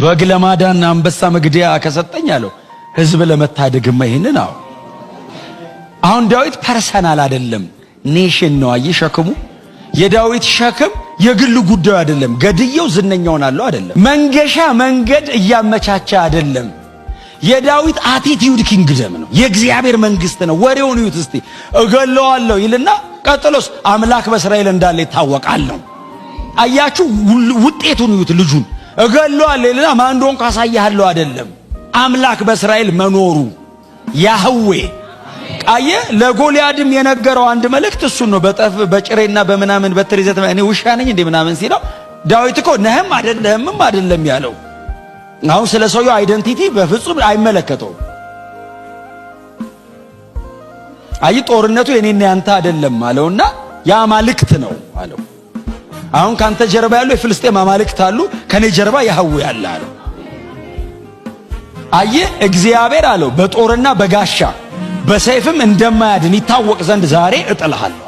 በግ ለማዳን አንበሳ መግደያ ከሰጠኝ አለው ህዝብ ለመታደግማ ይሄንን ነው። አሁን ዳዊት ፐርሰናል አይደለም ኔሽን ነው አይ ሸክሙ የዳዊት ሸክም የግል ጉዳዩ አይደለም ገድየው ዝነኛውን አለው አይደለም መንገሻ መንገድ እያመቻቸ አይደለም የዳዊት አቲቲዩድ ኪንግደም ነው የእግዚአብሔር መንግስት ነው ወሬውን እዩት እስቲ እገለዋለሁ ይልና ቀጥሎስ አምላክ በእስራኤል እንዳለ ይታወቃል ነው አያችሁ ውጤቱን እዩት ልጁን እገለዋለሁ ይልና ማን እንደሆን ካሳያለሁ አይደለም አምላክ በእስራኤል መኖሩ ያህዌ አየ ለጎልያድም የነገረው አንድ መልእክት እሱን ነው። በጠፍ በጭሬና በምናምን በትሪዘት እኔ ውሻ ነኝ እንደ ምናምን ሲለው ዳዊት እኮ ነህም አይደለህምም አይደለም ያለው። አሁን ስለ ሰውየው አይደንቲቲ በፍጹም አይመለከተውም። አይ ጦርነቱ የኔና ያንተ አይደለም አለውና ያ ማልክት ነው አለው። አሁን ካንተ ጀርባ ያሉ የፍልስጤም አማልክት አሉ፣ ከኔ ጀርባ ያህዌ ያለ አለ። አየ እግዚአብሔር አለው በጦርና በጋሻ በሰይፍም እንደማያድን ይታወቅ ዘንድ ዛሬ እጥልሃለሁ።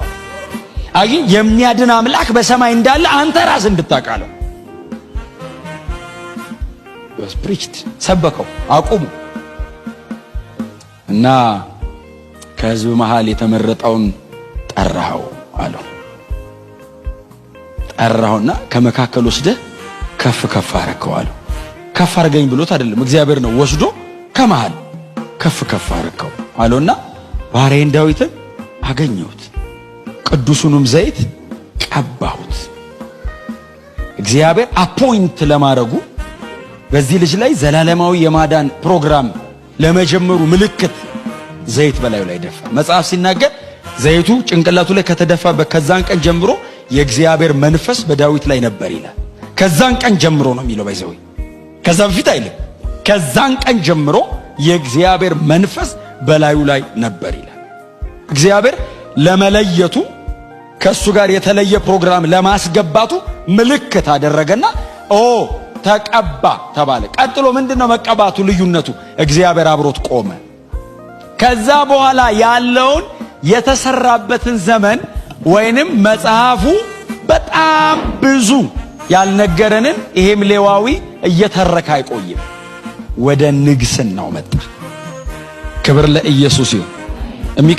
አይ የሚያድን አምላክ በሰማይ እንዳለ አንተ ራስ እንድታቃለው ፕሪችት ሰበከው አቁሙ እና ከህዝብ መሃል የተመረጠውን ጠራኸው አለው። ጠራውና ከመካከል ወስደህ ከፍ ከፍ አረከው ከፍ አርገኝ ብሎት አይደለም እግዚአብሔር ነው ወስዶ ከመሃል ከፍ ከፍ አረከው አለውና ባሪያዬን ዳዊትን አገኘሁት፣ ቅዱሱንም ዘይት ቀባሁት። እግዚአብሔር አፖይንት ለማድረጉ በዚህ ልጅ ላይ ዘላለማዊ የማዳን ፕሮግራም ለመጀመሩ ምልክት ዘይት በላዩ ላይ ደፋ። መጽሐፍ ሲናገር ዘይቱ ጭንቅላቱ ላይ ከተደፋ ከዛን ቀን ጀምሮ የእግዚአብሔር መንፈስ በዳዊት ላይ ነበር ይላል። ከዛን ቀን ጀምሮ ነው የሚለው ባይዘወይ ከዛ በፊት አይልም። ከዛን ቀን ጀምሮ የእግዚአብሔር መንፈስ በላዩ ላይ ነበር ይላል። እግዚአብሔር ለመለየቱ ከእሱ ጋር የተለየ ፕሮግራም ለማስገባቱ ምልክት አደረገና ኦ ተቀባ ተባለ። ቀጥሎ ነው መቀባቱ ልዩነቱ? እግዚአብሔር አብሮት ቆመ። ከዛ በኋላ ያለውን የተሰራበትን ዘመን ወይንም መጽሐፉ በጣም ብዙ ያልነገረንን ይሄም ሌዋዊ እየተረከ አይቆይም። ወደ ንግስናው መጣ። ክብር ለኢየሱስ ይሁን።